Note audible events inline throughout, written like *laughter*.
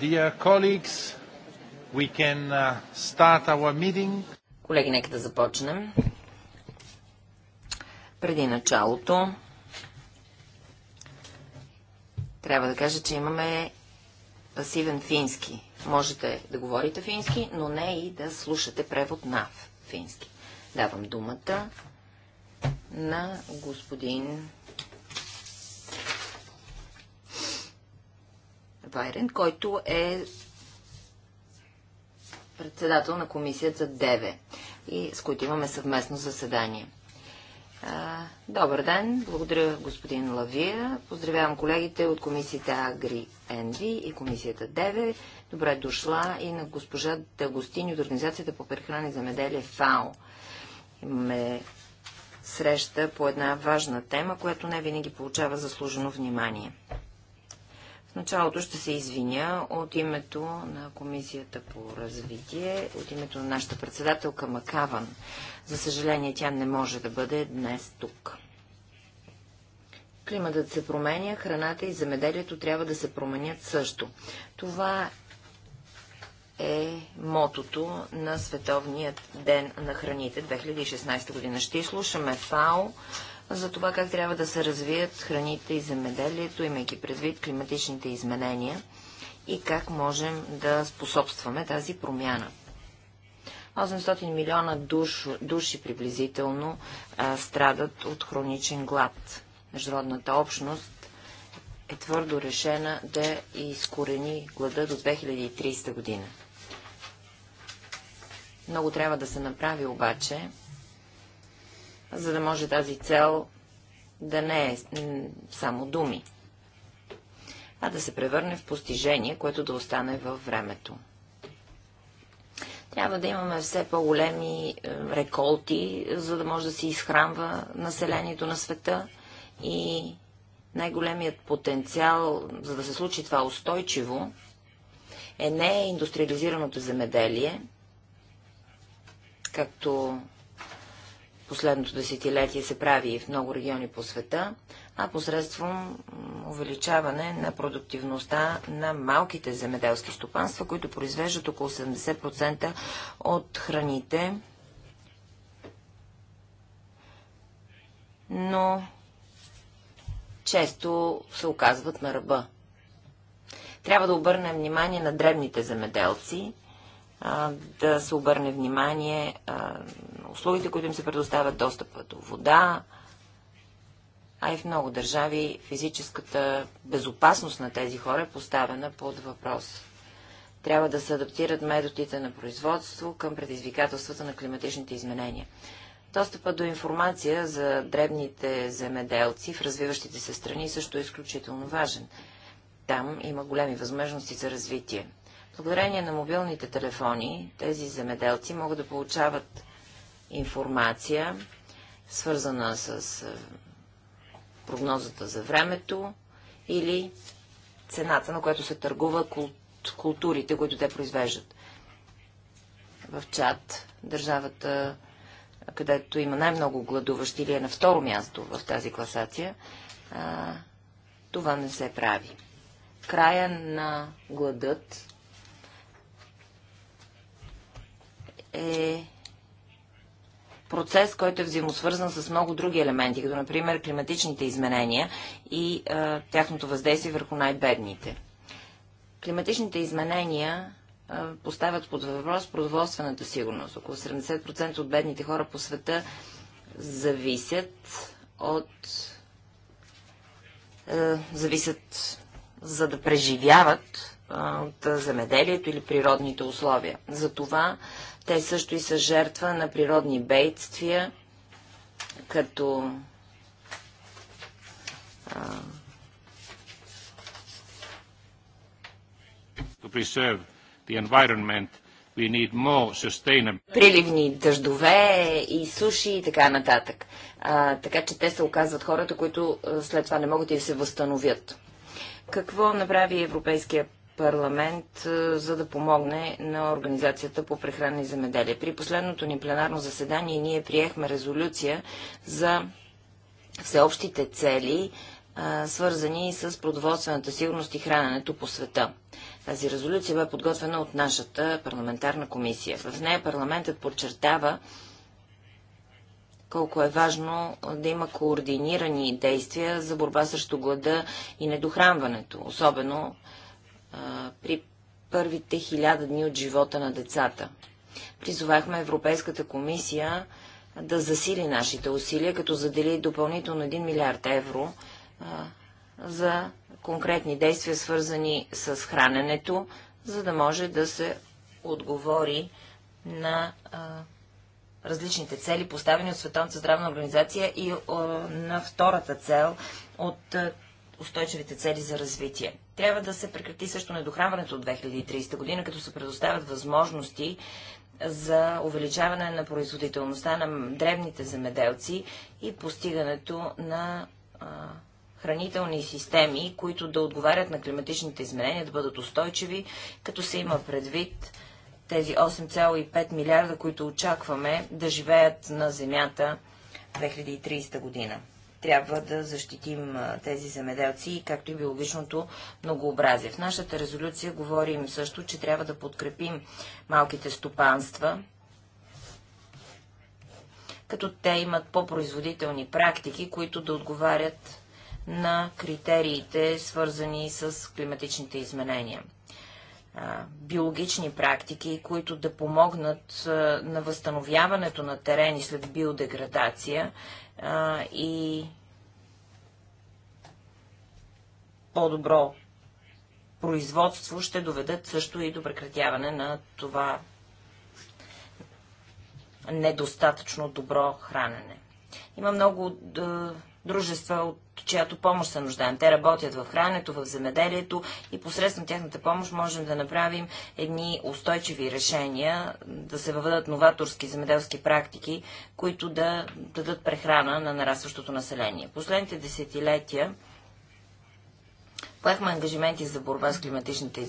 Dear colleagues, we can uh, start our meeting. Колеги, нека да започнем. Преди началото трябва да кажа, че имаме пасивен фински. Можете да говорите фински, но не и да слушате превод на фински. Давам думата на господин Вайрен, който е председател на комисията ДЕВЕ, и с които имаме съвместно заседание. А, добър ден, благодаря господин Лавия. Поздравявам колегите от комисията Агри Енви и комисията ДЕВЕ. Добре дошла и на госпожа Дагостини от Организацията по прехрана и замеделие ФАО. Имаме среща по една важна тема, която не винаги получава заслужено внимание. В началото ще се извиня от името на Комисията по развитие, от името на нашата председателка Макаван. За съжаление, тя не може да бъде днес тук. Климатът се променя, храната и земеделието трябва да се променят също. Това е мотото на Световният ден на храните 2016 година. Ще изслушаме ФАО, за това как трябва да се развият храните и земеделието, имайки предвид климатичните изменения и как можем да способстваме тази промяна. 800 милиона душ, души приблизително а, страдат от хроничен глад. Международната общност е твърдо решена да изкорени глада до 2030 година. Много трябва да се направи обаче, за да може тази цел да не е само думи, а да се превърне в постижение, което да остане във времето. Трябва да имаме все по-големи е, реколти, за да може да се изхранва населението на света и най-големият потенциал, за да се случи това устойчиво, е не индустриализираното земеделие, както последното десетилетие се прави и в много региони по света, а посредством увеличаване на продуктивността на малките земеделски стопанства, които произвеждат около 70% от храните, но често се оказват на ръба. Трябва да обърнем внимание на дребните земеделци, да се обърне внимание на услугите, които им се предоставят, достъпа до вода, а и в много държави физическата безопасност на тези хора е поставена под въпрос. Трябва да се адаптират методите на производство към предизвикателствата на климатичните изменения. Достъпа до информация за дребните земеделци в развиващите се страни също е изключително важен. Там има големи възможности за развитие. Благодарение на мобилните телефони тези земеделци могат да получават информация, свързана с е, прогнозата за времето или цената, на която се търгува културите, които те произвеждат. В чат държавата, където има най-много гладуващи или е на второ място в тази класация, това не се прави. Края на гладът е процес, който е взаимосвързан с много други елементи, като например климатичните изменения и е, тяхното въздействие върху най-бедните. Климатичните изменения е, поставят под въпрос продоволствената сигурност. Около 70% от бедните хора по света зависят от Е, зависят за да преживяват от земеделието или природните условия. Затова те също и са жертва на природни бедствия, като Приливни дъждове и суши и така нататък. А, така че те се оказват хората, които след това не могат и да се възстановят. Какво направи Европейския парламент, е, за да помогне на Организацията по прехрана и земеделие. При последното ни пленарно заседание ние приехме резолюция за всеобщите цели, е, свързани с продоволствената сигурност и храненето по света. Тази резолюция бе подготвена от нашата парламентарна комисия. В нея парламентът подчертава, колко е важно да има координирани действия за борба срещу глада и недохранването, особено а, при първите хиляда дни от живота на децата. Призовахме Европейската комисия да засили нашите усилия, като задели допълнително 1 милиард евро а, за конкретни действия, свързани с храненето, за да може да се отговори на а, различните цели, поставени от Световната здравна организация и а, на втората цел от а, устойчивите цели за развитие. Трябва да се прекрати също недохранването от 2030 година, като се предоставят възможности за увеличаване на производителността на древните земеделци и постигането на а, хранителни системи, които да отговарят на климатичните изменения, да бъдат устойчиви, като се има предвид тези 8,5 милиарда, които очакваме да живеят на Земята 2030 година трябва да защитим тези земеделци, както и биологичното многообразие. В нашата резолюция говорим също, че трябва да подкрепим малките стопанства, като те имат по-производителни практики, които да отговарят на критериите, свързани с климатичните изменения. Биологични практики, които да помогнат на възстановяването на терени след биодеградация а, и по-добро производство ще доведат също и до прекратяване на това недостатъчно добро хранене. Има много дружества от чиято помощ се нуждаем. Те работят в хрането, в земеделието и посредством тяхната помощ можем да направим едни устойчиви решения, да се въведат новаторски земеделски практики, които да дадат прехрана на нарастващото население. Последните десетилетия поехме ангажименти за борба с климатичните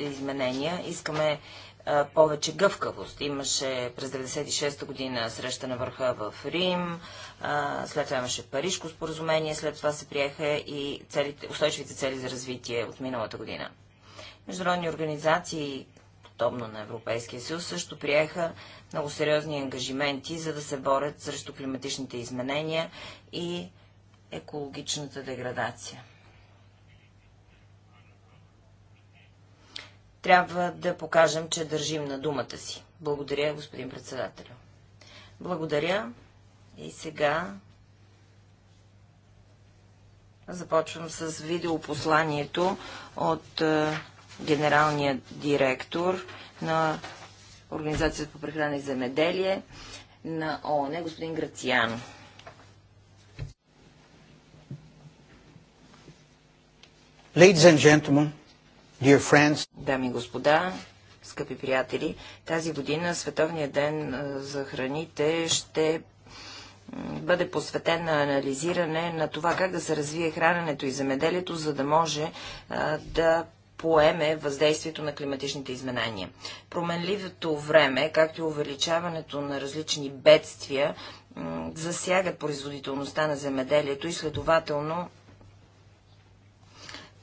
изменения. Искаме повече гъвкавост. Имаше през 96-та година среща на върха в Рим, след това имаше Парижко споразумение, след това се приеха и целите, устойчивите цели за развитие от миналата година. Международни организации, подобно на Европейския съюз, също приеха много сериозни ангажименти, за да се борят срещу климатичните изменения и екологичната деградация. трябва да покажем, че държим на думата си. Благодаря, господин председател. Благодаря. И сега започвам с видеопосланието от е, генералния директор на Организацията по прехрана и земеделие на ООН, господин Грациан. Ladies and gentlemen, Dear friends. Дами и господа, скъпи приятели, тази година Световният ден за храните ще бъде посветен на анализиране на това как да се развие храненето и земеделието, за да може а, да поеме въздействието на климатичните изменения. Променливото време, както и увеличаването на различни бедствия, засягат производителността на земеделието и следователно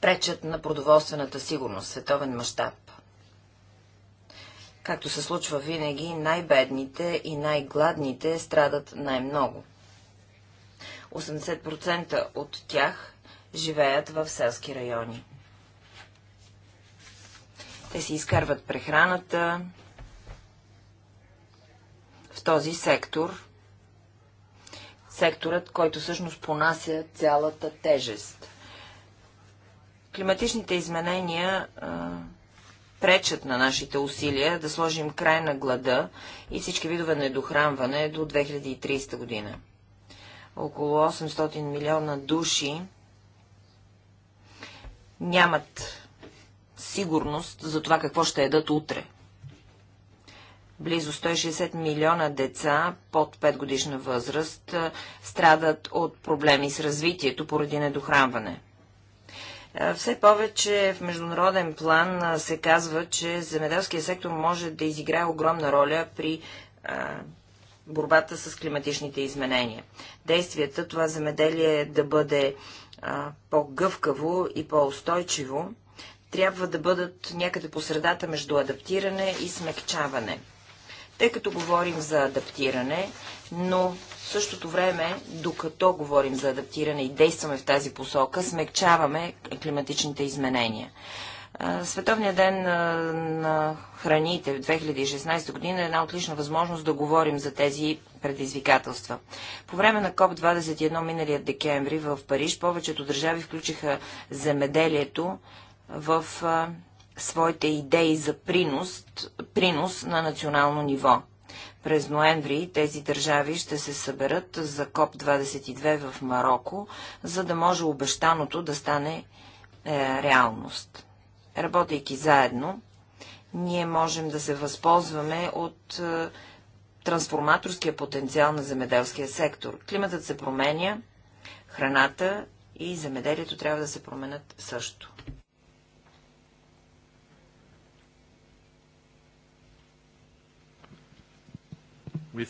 пречат на продоволствената сигурност, световен мащаб. Както се случва винаги, най-бедните и най-гладните страдат най-много. 80% от тях живеят в селски райони. Те си изкарват прехраната в този сектор, секторът, който всъщност понася цялата тежест. Климатичните изменения а, пречат на нашите усилия да сложим край на глада и всички видове недохранване до 2030 година. Около 800 милиона души нямат сигурност за това какво ще едат утре. Близо 160 милиона деца под 5 годишна възраст страдат от проблеми с развитието поради недохранване. Е, все повече в международен план е, се казва, че земеделският сектор може да изиграе огромна роля при е, борбата с климатичните изменения. Действията това земеделие да бъде по-гъвкаво и по-устойчиво трябва да бъдат някъде по средата между адаптиране и смекчаване – тъй като говорим за адаптиране, но в същото време, докато говорим за адаптиране и действаме в тази посока, смекчаваме климатичните изменения. Световният ден на храните в 2016 година е една отлична възможност да говорим за тези предизвикателства. По време на КОП-21 миналия декември в Париж повечето държави включиха земеделието в своите идеи за принос, принос на национално ниво. През ноември тези държави ще се съберат за КОП-22 в Марокко, за да може обещаното да стане е, реалност. Работейки заедно, ние можем да се възползваме от е, трансформаторския потенциал на земеделския сектор. Климатът се променя, храната и земеделието трябва да се променят също. Uh,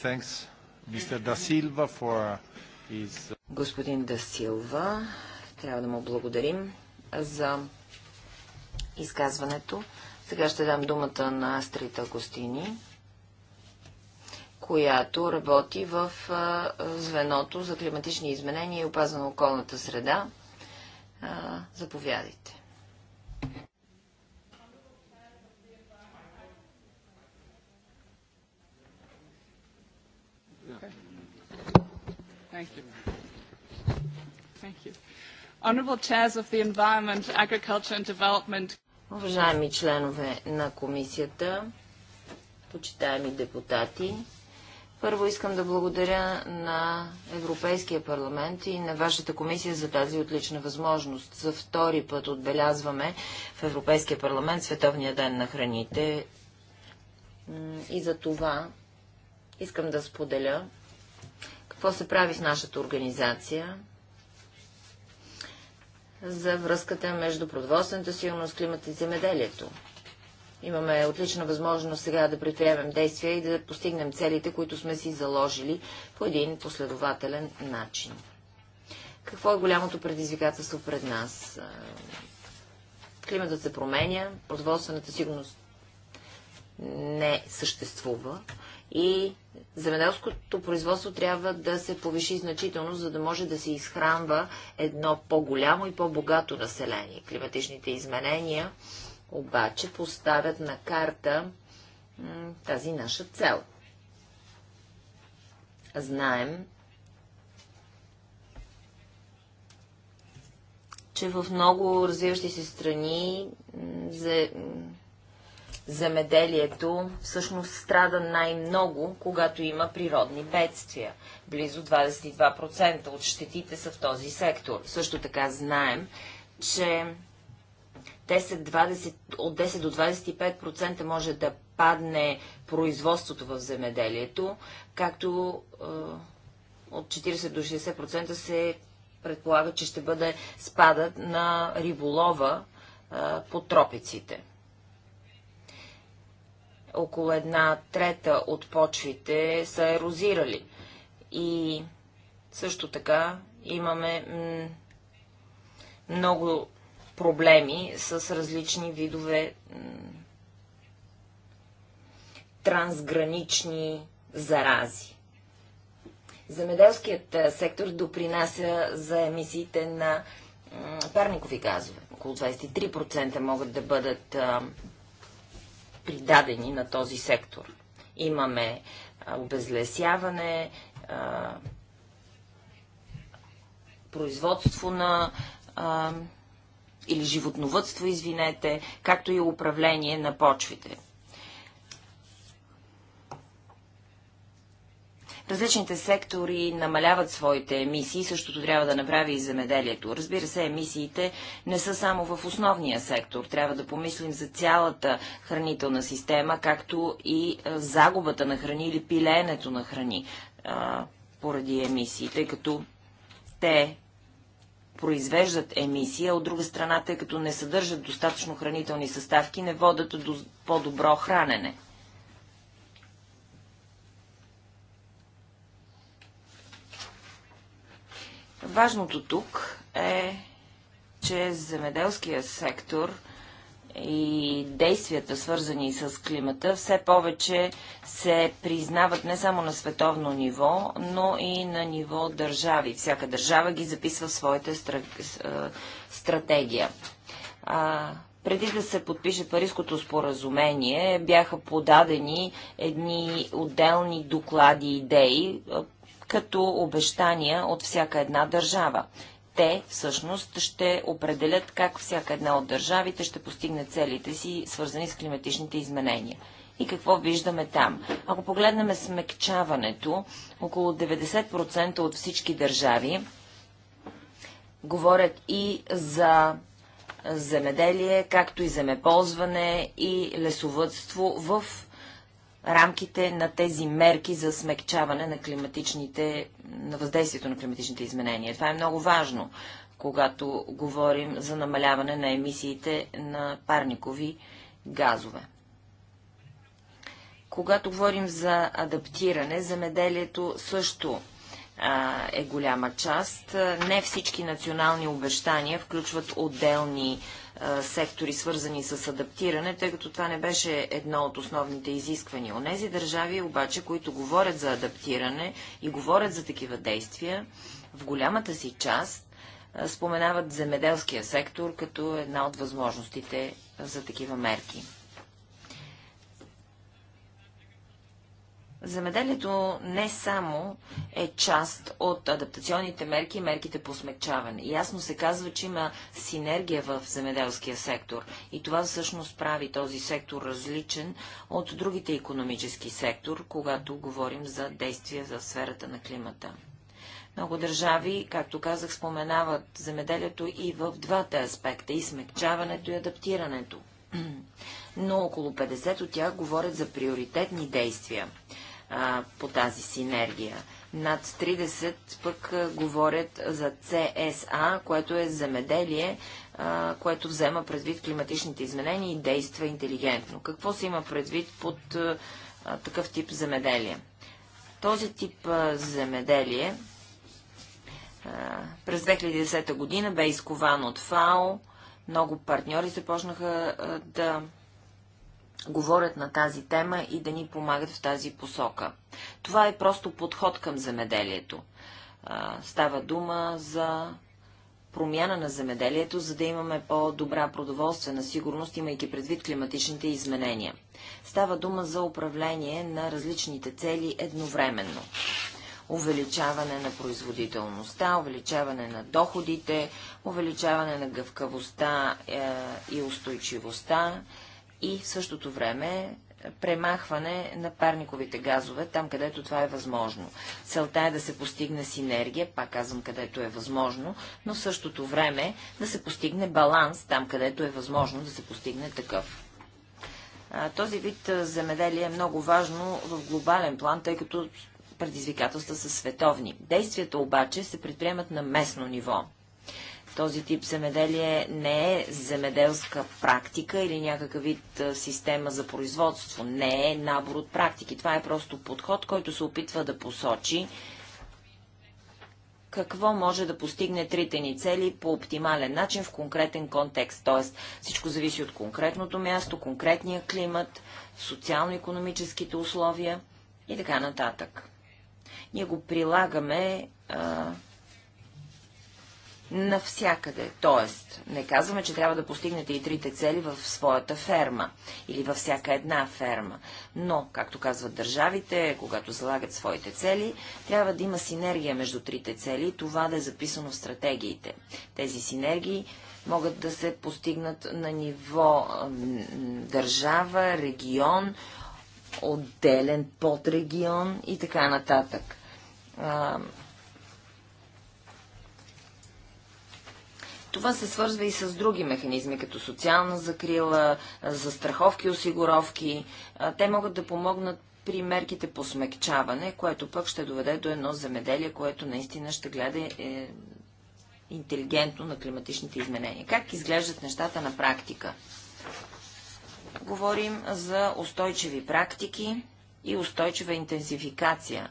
Господин Господин Дасилва, трябва да му благодарим за изказването. Сега ще дам думата на Астрита Агостини, която работи в звеното за климатични изменения и опазване на околната среда. Заповядайте. Thank you. Thank you. Honorable chairs of the Environment, Agriculture and Development. Уважаеми членове на комисията, почитаеми депутати, първо искам да благодаря на Европейския парламент и на вашата комисия за тази отлична възможност. За втори път отбелязваме в Европейския парламент Световния ден на храните. И за това искам да споделя, какво се прави в нашата организация за връзката между продоволствената сигурност, климата и земеделието? Имаме отлична възможност сега да предприемем действия и да постигнем целите, които сме си заложили по един последователен начин. Какво е голямото предизвикателство пред нас? Климатът се променя, продоволствената сигурност не съществува и Земеделското производство трябва да се повиши значително, за да може да се изхранва едно по-голямо и по-богато население. Климатичните изменения обаче поставят на карта тази наша цел. Знаем, че в много развиващи се страни за Земеделието всъщност страда най-много, когато има природни бедствия. Близо 22% от щетите са в този сектор. Също така знаем, че 10, 20, от 10 до 25% може да падне производството в земеделието, както е, от 40 до 60% се предполага, че ще бъде спадът на риболова е, по тропиците около една трета от почвите са ерозирали. И също така имаме много проблеми с различни видове трансгранични зарази. Земеделският сектор допринася за емисиите на парникови газове. Около 23% могат да бъдат придадени на този сектор. Имаме обезлесяване, производство на или животновътство, извинете, както и управление на почвите. Различните сектори намаляват своите емисии, същото трябва да направи и земеделието. Разбира се, емисиите не са само в основния сектор. Трябва да помислим за цялата хранителна система, както и загубата на храни или пиленето на храни а, поради емисии, тъй като те произвеждат емисия, от друга страна, тъй като не съдържат достатъчно хранителни съставки, не водят до по-добро хранене. Важното тук е, че земеделския сектор и действията, свързани с климата, все повече се признават не само на световно ниво, но и на ниво държави. Всяка държава ги записва в своята стра... стратегия. А, преди да се подпише Парижското споразумение, бяха подадени едни отделни доклади идеи като обещания от всяка една държава. Те всъщност ще определят как всяка една от държавите ще постигне целите си, свързани с климатичните изменения. И какво виждаме там? Ако погледнем смекчаването, около 90% от всички държави говорят и за земеделие, както и земеползване и лесовътство в рамките на тези мерки за смекчаване на климатичните, на въздействието на климатичните изменения. Това е много важно, когато говорим за намаляване на емисиите на парникови газове. Когато говорим за адаптиране, замеделието също е голяма част. Не всички национални обещания включват отделни сектори, свързани с адаптиране, тъй като това не беше едно от основните изисквания. Онези държави обаче, които говорят за адаптиране и говорят за такива действия, в голямата си част споменават земеделския сектор като една от възможностите за такива мерки. Замеделието не само е част от адаптационните мерки и мерките по смягчаване. Ясно се казва, че има синергия в земеделския сектор и това всъщност прави този сектор различен от другите економически сектор, когато говорим за действия в сферата на климата. Много държави, както казах, споменават земеделието и в двата аспекта – и смягчаването, и адаптирането. *clears throat* Но около 50 от тях говорят за приоритетни действия а, по тази синергия. Над 30 пък говорят за CSA, което е земеделие, а, което взема предвид климатичните изменения и действа интелигентно. Какво се има предвид под а, такъв тип земеделие? Този тип а, земеделие през 2010 година бе изкован от ФАО. Много партньори започнаха да говорят на тази тема и да ни помагат в тази посока. Това е просто подход към земеделието. Става дума за промяна на земеделието, за да имаме по-добра продоволствена сигурност, имайки предвид климатичните изменения. Става дума за управление на различните цели едновременно. Увеличаване на производителността, увеличаване на доходите, увеличаване на гъвкавостта е, и устойчивостта, и в същото време премахване на парниковите газове, там където това е възможно. Целта е да се постигне синергия, пак казвам където е възможно, но в същото време да се постигне баланс, там където е възможно да се постигне такъв. Този вид земеделие е много важно в глобален план, тъй като предизвикателства са световни. Действията обаче се предприемат на местно ниво. Този тип земеделие не е земеделска практика или някакъв вид система за производство. Не е набор от практики. Това е просто подход, който се опитва да посочи какво може да постигне трите ни цели по оптимален начин в конкретен контекст. Тоест всичко зависи от конкретното място, конкретния климат, социално-економическите условия и така нататък. Ние го прилагаме а, навсякъде. Тоест, не казваме, че трябва да постигнете и трите цели в своята ферма или във всяка една ферма. Но, както казват държавите, когато залагат своите цели, трябва да има синергия между трите цели и това да е записано в стратегиите. Тези синергии могат да се постигнат на ниво държава, регион, отделен подрегион и така нататък Това се свързва и с други механизми, като социална закрила, застраховки, осигуровки. Те могат да помогнат при мерките по смекчаване, което пък ще доведе до едно земеделие, което наистина ще гледа е, интелигентно на климатичните изменения. Как изглеждат нещата на практика? Говорим за устойчиви практики и устойчива интенсификация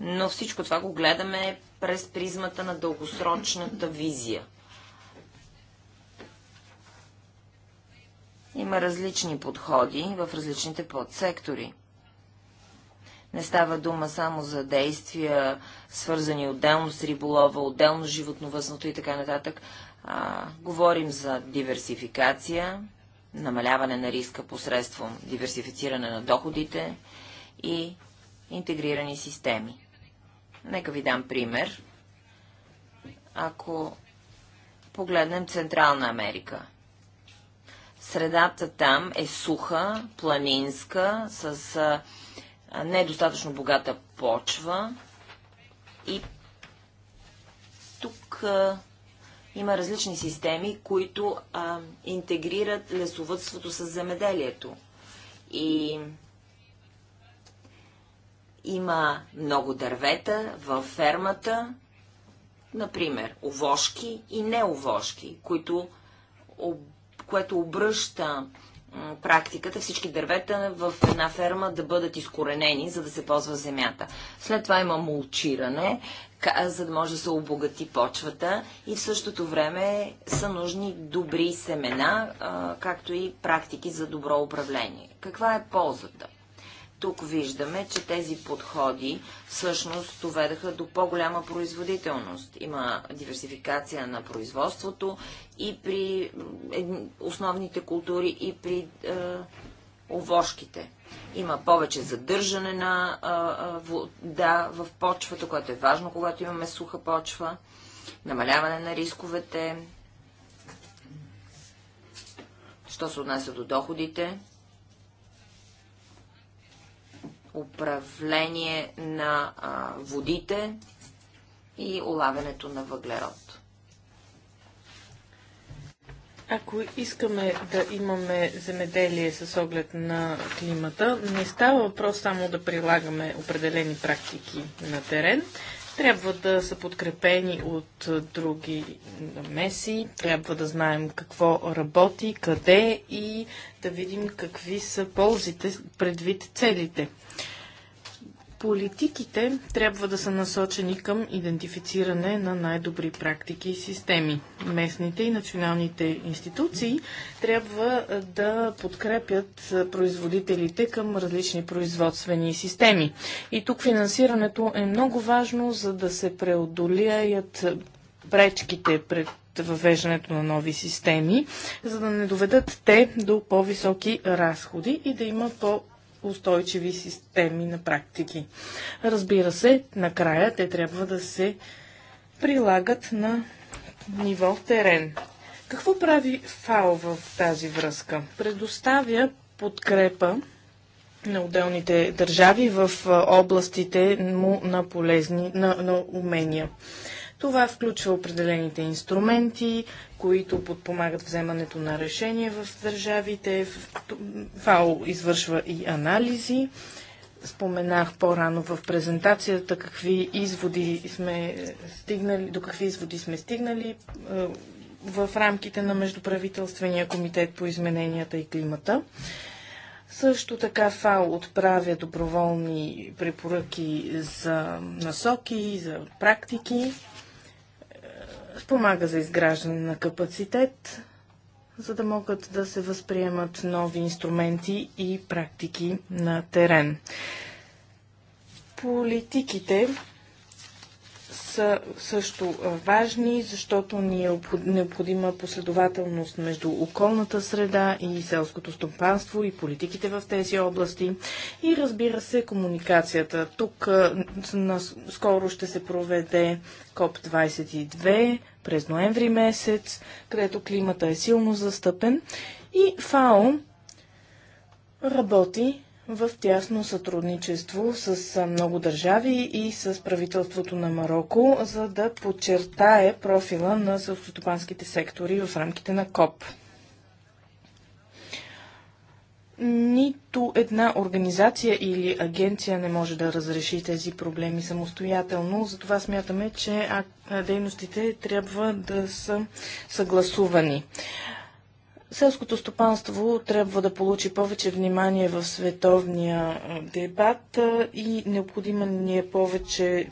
но всичко това го гледаме през призмата на дългосрочната визия. Има различни подходи в различните подсектори. Не става дума само за действия, свързани отделно с риболова, отделно с животновъзното и така нататък. А, говорим за диверсификация, намаляване на риска посредством диверсифициране на доходите и интегрирани системи. Нека ви дам пример. Ако погледнем Централна Америка. Средата там е суха, планинска, с а, недостатъчно е богата почва и тук а, има различни системи, които а, интегрират лесовътството с земеделието. И има много дървета във фермата, например, овошки и неовошки, които, об, което обръща практиката всички дървета в една ферма да бъдат изкоренени, за да се ползва земята. След това има мулчиране, за да може да се обогати почвата и в същото време са нужни добри семена, както и практики за добро управление. Каква е ползата? Тук виждаме, че тези подходи всъщност доведаха до по-голяма производителност. Има диверсификация на производството и при основните култури, и при е, овошките. Има повече задържане на е, е вода в почвата, което е важно, когато имаме суха почва, намаляване на рисковете, що се отнася до доходите управление на а, водите и улавянето на въглерод. Ако искаме да имаме земеделие с оглед на климата, не става въпрос само да прилагаме определени практики на терен, трябва да са подкрепени от други меси, трябва да знаем какво работи, къде и да видим какви са ползите предвид целите. Политиките трябва да са насочени към идентифициране на най-добри практики и системи. Местните и националните институции трябва да подкрепят производителите към различни производствени системи. И тук финансирането е много важно, за да се преодолеят пречките пред въвеждането на нови системи, за да не доведат те до по-високи разходи и да има по устойчиви системи на практики. Разбира се, накрая те трябва да се прилагат на ниво терен. Какво прави ФАО в тази връзка? Предоставя подкрепа на отделните държави в областите му на полезни на, на умения. Това включва определените инструменти, които подпомагат вземането на решения в държавите. ФАО извършва и анализи. Споменах по-рано в презентацията какви изводи сме стигнали, до какви изводи сме стигнали е, в рамките на Междуправителствения комитет по измененията и климата. Също така ФАО отправя доброволни препоръки за насоки, за практики спомага за изграждане на капацитет, за да могат да се възприемат нови инструменти и практики на терен. Политиките са също важни, защото ни е необходима последователност между околната среда и селското стопанство и политиките в тези области и разбира се комуникацията. Тук скоро ще се проведе КОП-22 през ноември месец, където климата е силно застъпен и ФАО работи в тясно сътрудничество с много държави и с правителството на Марокко, за да подчертае профила на селскостопанските сектори в рамките на КОП. Нито една организация или агенция не може да разреши тези проблеми самостоятелно, затова смятаме, че дейностите трябва да са съгласувани. Селското стопанство трябва да получи повече внимание в световния дебат и необходимо ни е повече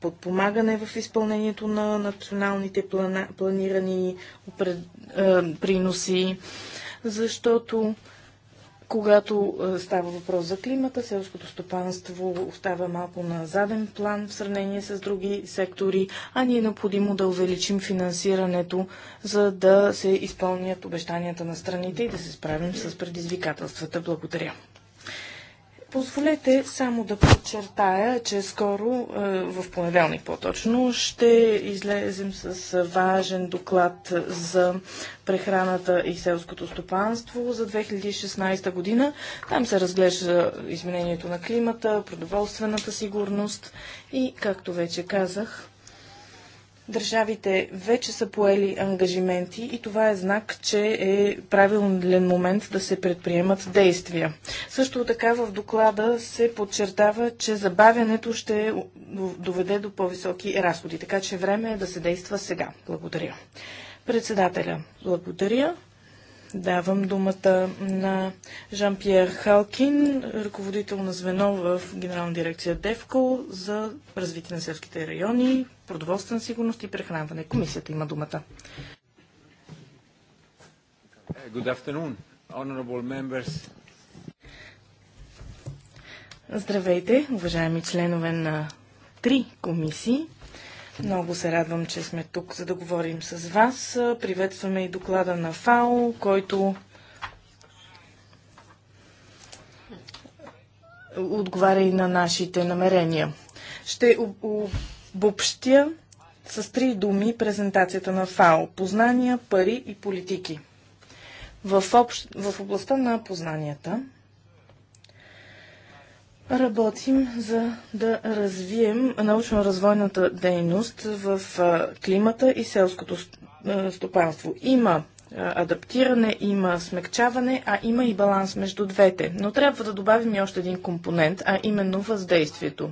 подпомагане в изпълнението на националните плана, планирани е, приноси, защото когато е, става въпрос за климата, селското стопанство остава малко на заден план в сравнение с други сектори, а ни е необходимо да увеличим финансирането, за да се изпълнят обещанията на страните и да се справим с предизвикателствата. Благодаря. Позволете само да подчертая, че скоро, е, в понеделник по-точно, ще излезем с важен доклад за прехраната и селското стопанство за 2016 година. Там се разглежда изменението на климата, продоволствената сигурност и, както вече казах, Държавите вече са поели ангажименти и това е знак, че е правилен момент да се предприемат действия. Също така в доклада се подчертава, че забавянето ще доведе до по-високи разходи, така че време е да се действа сега. Благодаря. Председателя, благодаря. Давам думата на Жан-Пьер Халкин, ръководител на звено в Генерална дирекция ДЕВКО за развитие на селските райони, продоволствена сигурност и прехранване. Комисията има думата. Good afternoon, honorable members. Здравейте, уважаеми членове на три комисии. Много се радвам, че сме тук, за да говорим с вас. Приветстваме и доклада на ФАО, който отговаря и на нашите намерения. Ще обобщя с три думи презентацията на ФАО – познания, пари и политики. В, общ... в областта на познанията – Работим за да развием научно-развойната дейност в климата и селското стопанство. Има адаптиране, има смягчаване, а има и баланс между двете. Но трябва да добавим и още един компонент, а именно въздействието.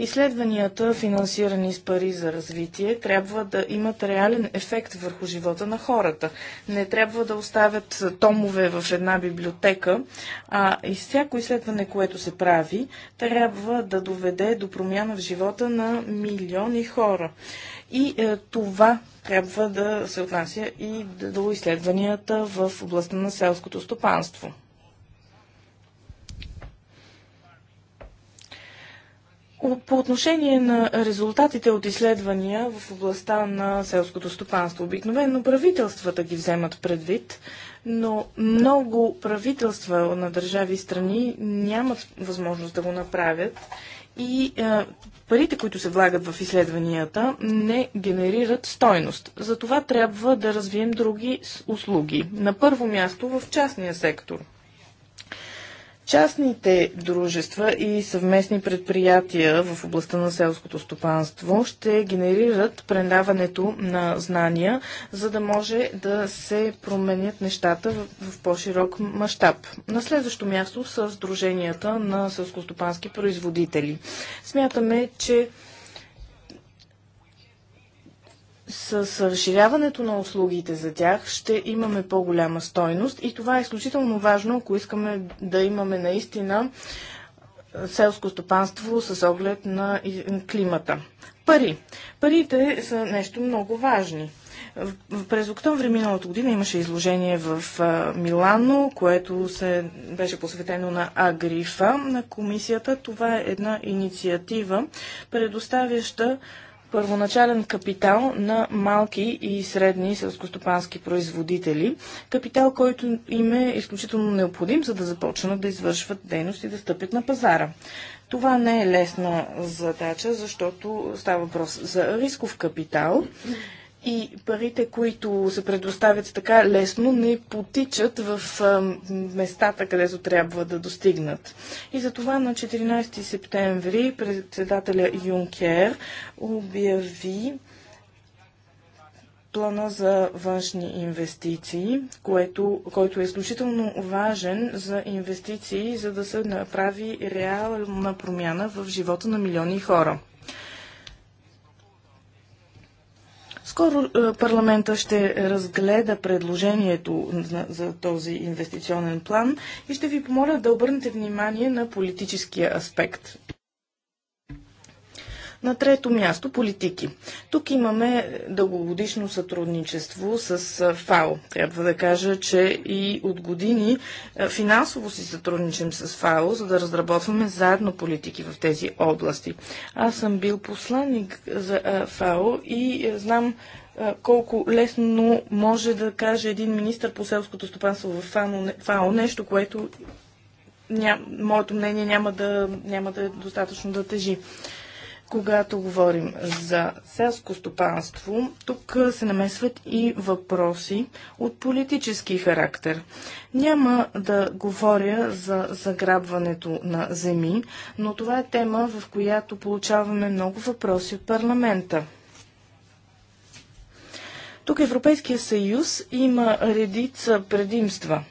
Изследванията, финансирани с пари за развитие, трябва да имат реален ефект върху живота на хората. Не трябва да оставят томове в една библиотека, а и всяко изследване, което се прави, трябва да доведе до промяна в живота на милиони хора. И е, това трябва да се отнася и до изследванията в областта на селското стопанство. По отношение на резултатите от изследвания в областта на селското стопанство, обикновено правителствата ги вземат предвид, но много правителства на държави и страни нямат възможност да го направят и е, парите, които се влагат в изследванията, не генерират стойност. Затова трябва да развием други услуги. На първо място в частния сектор – Частните дружества и съвместни предприятия в областта на селското стопанство ще генерират предаването на знания, за да може да се променят нещата в по-широк мащаб. На следващо място са сдруженията на селскостопански производители. Смятаме, че с разширяването на услугите за тях ще имаме по-голяма стойност и това е изключително важно, ако искаме да имаме наистина селско стопанство с оглед на климата. Пари. Парите са нещо много важни. През октомври миналата година имаше изложение в Милано, което се беше посветено на Агрифа на комисията. Това е една инициатива, предоставяща първоначален капитал на малки и средни селскостопански производители. Капитал, който им е изключително необходим, за да започнат да извършват дейност и да стъпят на пазара. Това не е лесна задача, защото става въпрос за рисков капитал и парите, които се предоставят така лесно, не потичат в местата, където трябва да достигнат. И затова на 14 септември председателя Юнкер обяви плана за външни инвестиции, което, който е изключително важен за инвестиции, за да се направи реална промяна в живота на милиони хора. Скоро е, парламента ще разгледа предложението за този инвестиционен план и ще ви помоля да обърнете внимание на политическия аспект. На трето място политики. Тук имаме дългогодишно сътрудничество с ФАО. Трябва да кажа, че и от години финансово си сътрудничим с ФАО, за да разработваме заедно политики в тези области. Аз съм бил посланник за ФАО и знам колко лесно може да каже един министр по селското стопанство в ФАО нещо, което ням, моето мнение няма да, няма да е достатъчно да тежи. Когато говорим за селско стопанство, тук се намесват и въпроси от политически характер. Няма да говоря за заграбването на земи, но това е тема, в която получаваме много въпроси от парламента. Тук Европейския съюз има редица предимства.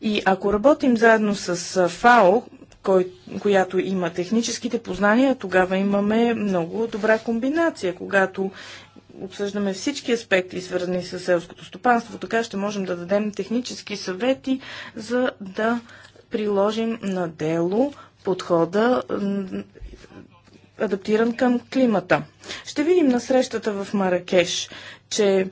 И ако работим заедно с ФАО, кой, която има техническите познания, тогава имаме много добра комбинация. Когато обсъждаме всички аспекти, свързани с селското стопанство, така ще можем да дадем технически съвети, за да приложим на дело подхода адаптиран към климата. Ще видим на срещата в Маракеш, че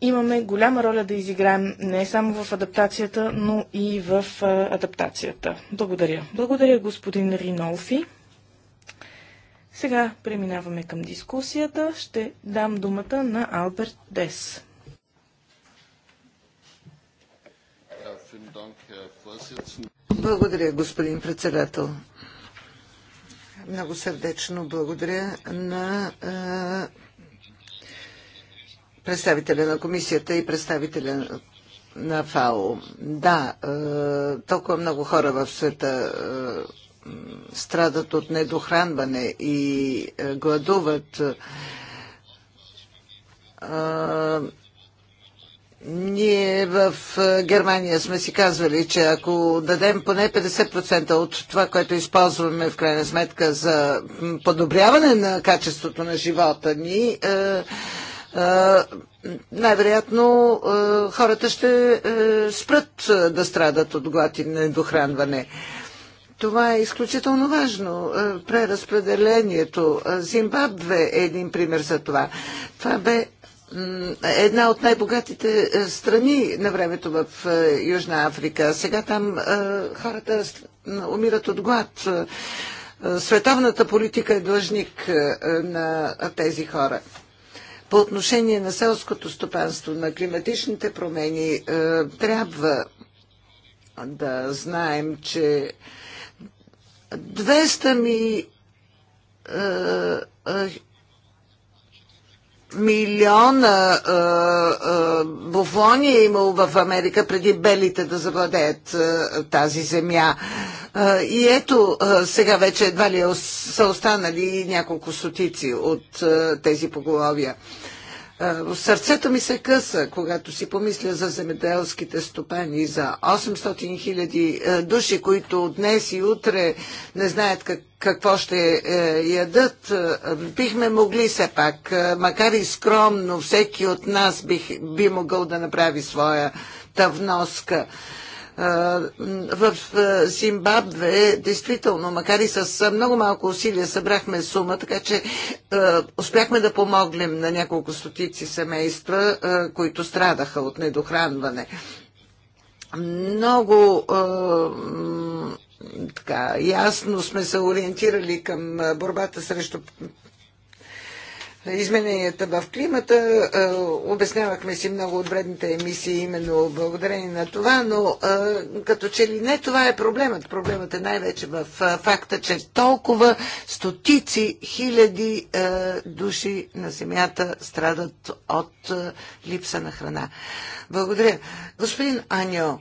имаме голяма роля да изиграем не само в адаптацията, но и в адаптацията. Благодаря. Благодаря, господин Ринолфи. Сега преминаваме към дискусията. Ще дам думата на Алберт Дес. Благодаря, господин председател. Много сърдечно благодаря на представителя на комисията и представителя на ФАО. Да, е, толкова много хора в света е, страдат от недохранване и е, гладуват. Ние в Германия сме си казвали, че ако дадем поне 50% от това, което използваме в крайна сметка за подобряване на качеството на живота ни, най-вероятно хората ще спрат да страдат от глад и недохранване. Това е изключително важно. Преразпределението. Зимбабве е един пример за това. Това бе една от най-богатите страни на времето в Южна Африка. Сега там хората умират от глад. Световната политика е длъжник на тези хора. По отношение на селското стопанство, на климатичните промени, е, трябва да знаем, че 200 ми е, е, милиона а, а, буфони е имало в Америка преди белите да завладеят а, тази земя. А, и ето, а, сега вече едва ли е са останали няколко стотици от а, тези поголовия. Е, сърцето ми се къса, когато си помисля за земеделските стопани, за 800 хиляди е, души, които днес и утре не знаят как, какво ще е, ядат. Бихме могли все пак, макар и скромно, всеки от нас бих, би могъл да направи своята вноска. В Зимбабве, действително, макар и с много малко усилия, събрахме сума, така че успяхме да помогнем на няколко стотици семейства, които страдаха от недохранване. Много така, ясно сме се ориентирали към борбата срещу измененията в климата. Е, обяснявахме си много от вредните емисии именно благодарение на това, но е, като че ли не това е проблемът. Проблемът е най-вече в е, факта, че толкова стотици хиляди души на земята страдат от липса на храна. Благодаря. Господин Аньо,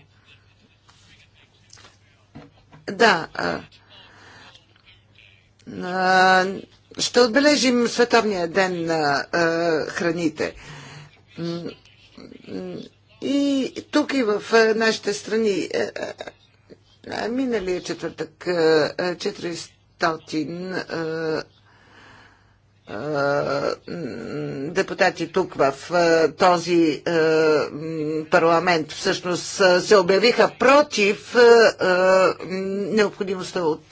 да, ще отбележим Световния ден на храните. И тук и в нашите страни миналия четвъртък 400 депутати тук в този парламент всъщност се обявиха против необходимостта от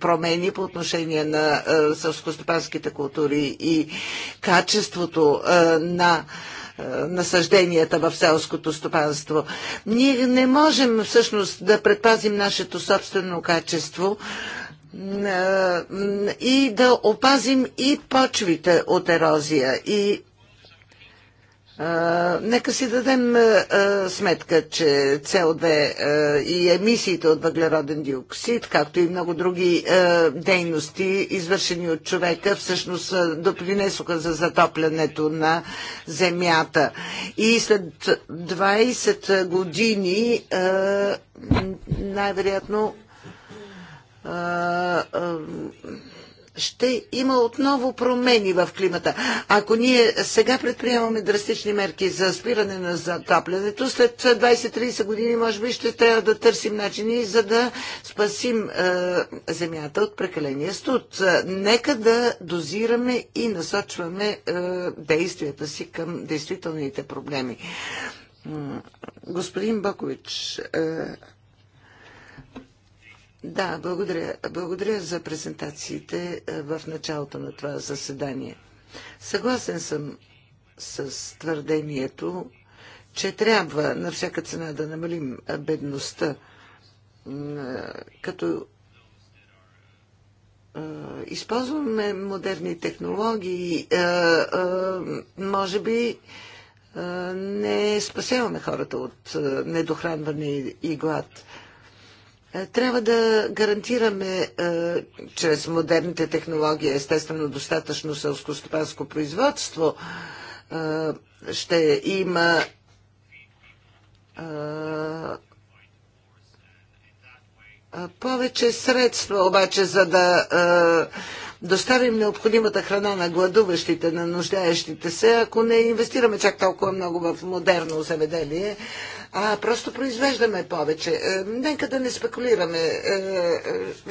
промени по отношение на сълскостопанските култури и качеството на насъжденията в селското стопанство. Ние не можем всъщност да предпазим нашето собствено качество и да опазим и почвите от ерозия. И а, нека си дадем а, сметка, че CO2 а, и емисиите от въглероден диоксид, както и много други а, дейности, извършени от човека, всъщност допринесоха за затоплянето на Земята. И след 20 години най-вероятно ще има отново промени в климата. Ако ние сега предприемаме драстични мерки за спиране на затаплянето, след 20-30 години може би ще трябва да търсим начини за да спасим е, земята от прекаления студ. Нека да дозираме и насочваме е, действията си към действителните проблеми. Господин Бакович, е, да, благодаря. Благодаря за презентациите е, в началото на това заседание. Съгласен съм с твърдението, че трябва на всяка цена да намалим е, бедността, е, като използваме модерни технологии, може би не спасяваме хората от недохранване и глад. Е, трябва да гарантираме е, чрез модерните технологии, естествено, достатъчно селско-стопанско производство. Е, ще има повече средства, обаче, за да доставим необходимата храна на гладуващите, на нуждаещите се, ако не инвестираме чак толкова много в модерно заведение, а просто произвеждаме повече. Е, нека да не спекулираме е, е,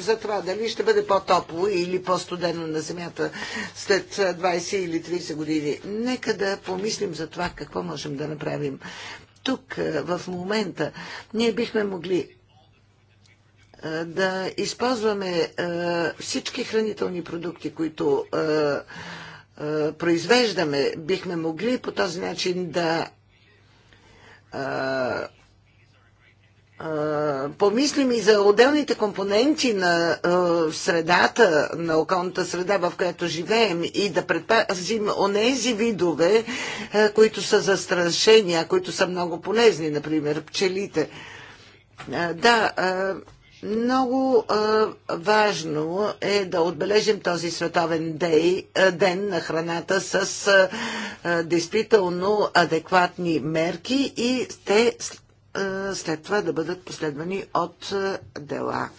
за това дали ще бъде по-топло или по-студено на Земята след 20 или 30 години. Нека да помислим за това какво можем да направим. Тук, в момента, ние бихме могли да използваме всички хранителни продукти, които произвеждаме, бихме могли по този начин да помислим и за отделните компоненти на средата, на околната среда, в която живеем и да предпазим онези видове, които са застрашени, а които са много полезни, например пчелите. Да, много а, важно е да отбележим този световен дей, ден на храната с а, действително адекватни мерки и те а, след това да бъдат последвани от а, дела.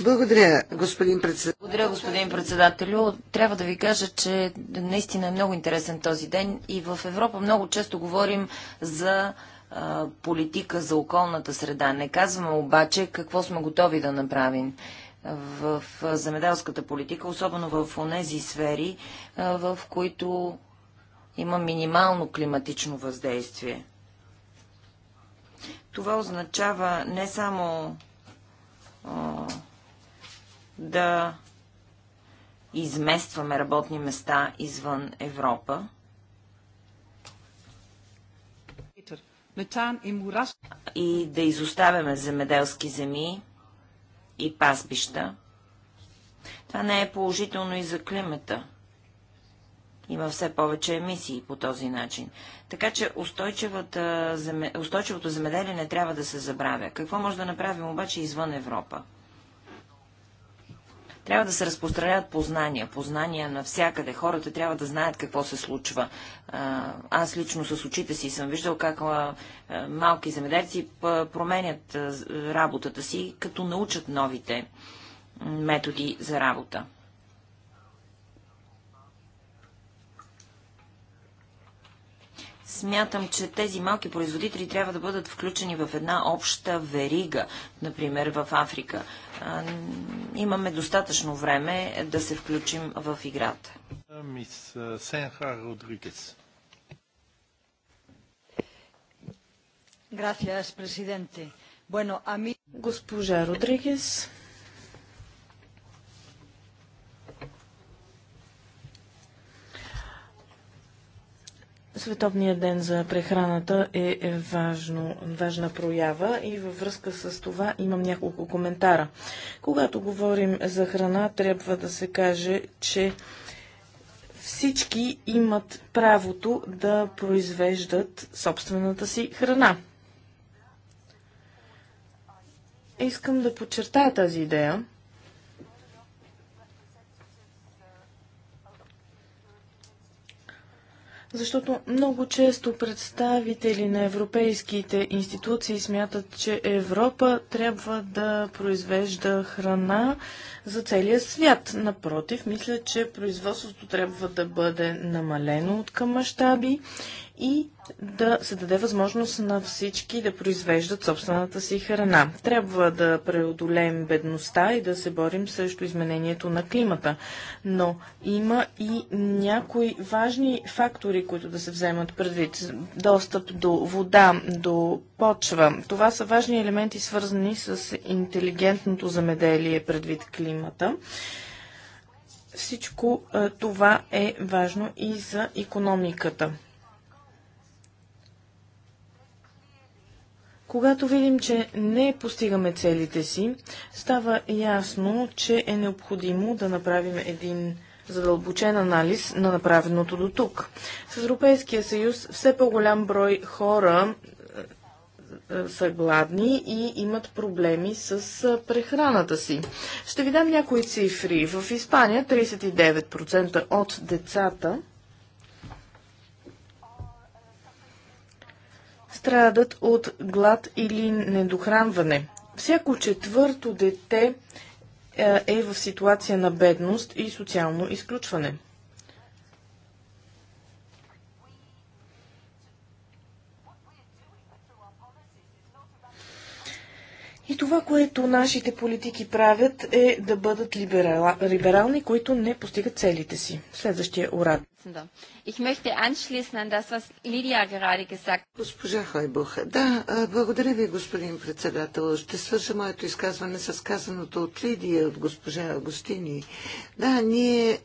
Благодаря, господин председател. Благодаря, господин председателю. Трябва да ви кажа, че наистина е много интересен този ден и в Европа много често говорим за политика за околната среда. Не казваме обаче какво сме готови да направим в земеделската политика, особено в онези сфери, в които има минимално климатично въздействие. Това означава не само да изместваме работни места извън Европа, и да изоставяме земеделски земи и пасбища. Това не е положително и за климата. Има все повече емисии по този начин. Така че устойчивото земеделие не трябва да се забравя. Какво може да направим обаче извън Европа? Трябва да се разпространяват познания, познания навсякъде. Хората трябва да знаят какво се случва. Аз лично с очите си съм виждал как малки земеделци променят работата си, като научат новите методи за работа. Смятам, че тези малки производители трябва да бъдат включени в една обща верига, например в Африка. Имаме достатъчно време да се включим в играта. Мис Сенха Родригес. Госпожа Родригес. Световният ден за прехраната е, е важно, важна проява и във връзка с това имам няколко коментара. Когато говорим за храна, трябва да се каже, че всички имат правото да произвеждат собствената си храна. Искам да подчертая тази идея, защото много често представители на европейските институции смятат, че Европа трябва да произвежда храна за целия свят. Напротив, мисля, че производството трябва да бъде намалено от към мащаби и да се даде възможност на всички да произвеждат собствената си храна. Трябва да преодолеем бедността и да се борим срещу изменението на климата. Но има и някои важни фактори, които да се вземат предвид. Достъп до вода, до почва. Това са важни елементи, свързани с интелигентното замеделие предвид климата всичко е, това е важно и за економиката. Когато видим, че не постигаме целите си, става ясно, че е необходимо да направим един задълбочен анализ на направеното до тук. С Европейския съюз все по-голям брой хора е, е, са гладни и имат проблеми с е, прехраната си. Ще ви дам някои цифри. В Испания 39% от децата страдат от глад или недохранване. Всяко четвърто дете е, е в ситуация на бедност и социално изключване. И това, което нашите политики правят е да бъдат либерал, либерални, които не постигат целите си. Следващия урад. Vorsitzender. Ich möchte anschließen an das, was Lydia gerade gesagt hat. Госпожа Хойбух, да, благодаря ви, господин председател. Ще моето изказване с казаното от Лидия, от госпожа Да, ние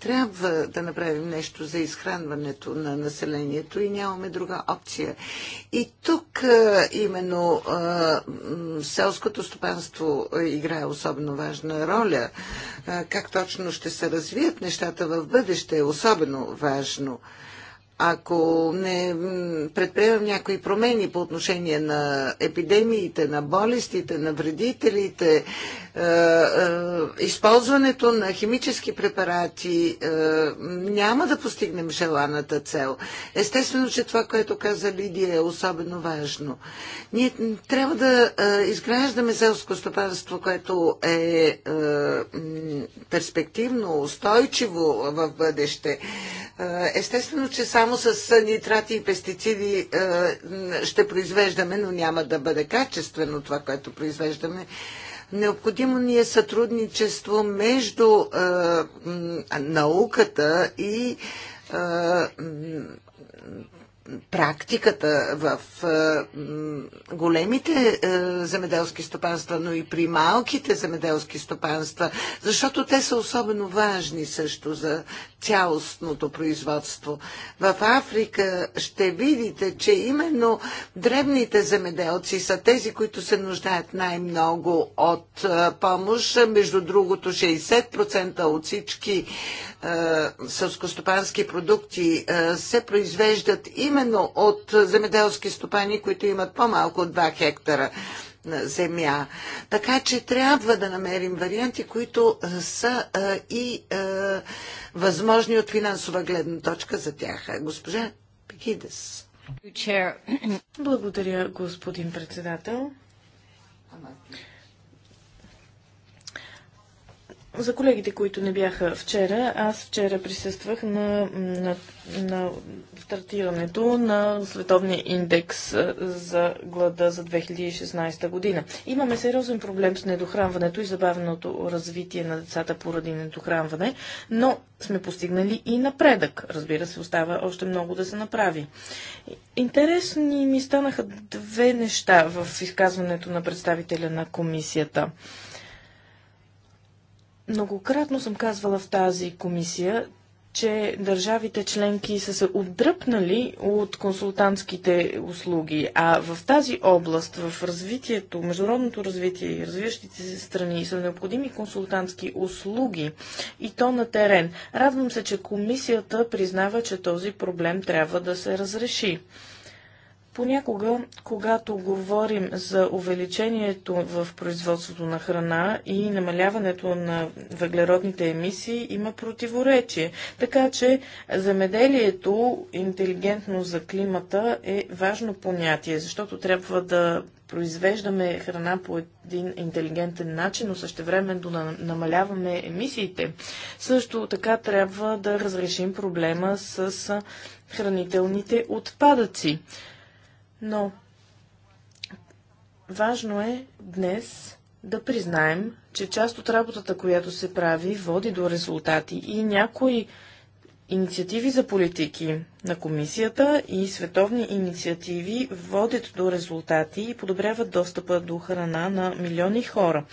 трябва да направим нещо за изхранването на населението и нямаме друга опция. И тук именно селското стопанство играе особено важна роля. как точно ще се развият нещата в бъдеще, особено особено важно – ако не предприемем някои промени по отношение на епидемиите, на болестите, на вредителите, е, е, използването на химически препарати, е, няма да постигнем желаната цел. Естествено, че това, което каза Лидия, е особено важно. Ние трябва да изграждаме селско стопанство, което е перспективно, устойчиво в бъдеще. Естествено, че само само с нитрати и пестициди е, ще произвеждаме, но няма да бъде качествено това, което произвеждаме. Необходимо ни е сътрудничество между е, науката и е, практиката в големите земеделски стопанства, но и при малките земеделски стопанства, защото те са особено важни също за цялостното производство. В Африка ще видите, че именно древните земеделци са тези, които се нуждаят най-много от помощ. Между другото, 60% от всички сълскостопански продукти се произвеждат именно именно от земеделски стопани, които имат по-малко от 2 хектара земя. Така че трябва да намерим варианти, които са а, и а, възможни от финансова гледна точка за тях. Госпожа Пекидес. Благодаря, господин председател. За колегите, които не бяха вчера, аз вчера присъствах на, на, на стартирането на Световния индекс за глада за 2016 година. Имаме сериозен проблем с недохранването и забавеното развитие на децата поради недохранване, но сме постигнали и напредък. Разбира се, остава още много да се направи. Интересни ми станаха две неща в изказването на представителя на комисията. Многократно съм казвала в тази комисия, че държавите членки са се отдръпнали от консултантските услуги, а в тази област, в развитието, международното развитие и развиващите се страни са необходими консултантски услуги и то на терен. Радвам се, че комисията признава, че този проблем трябва да се разреши. Понякога, когато говорим за увеличението в производството на храна и намаляването на въглеродните емисии, има противоречие. Така че замеделието, интелигентно за климата, е важно понятие, защото трябва да произвеждаме храна по един интелигентен начин, но време да намаляваме емисиите. Също така трябва да разрешим проблема с хранителните отпадъци. Но важно е днес да признаем, че част от работата, която се прави, води до резултати и някои инициативи за политики на комисията и световни инициативи водят до резултати и подобряват достъпа до храна на милиони хора.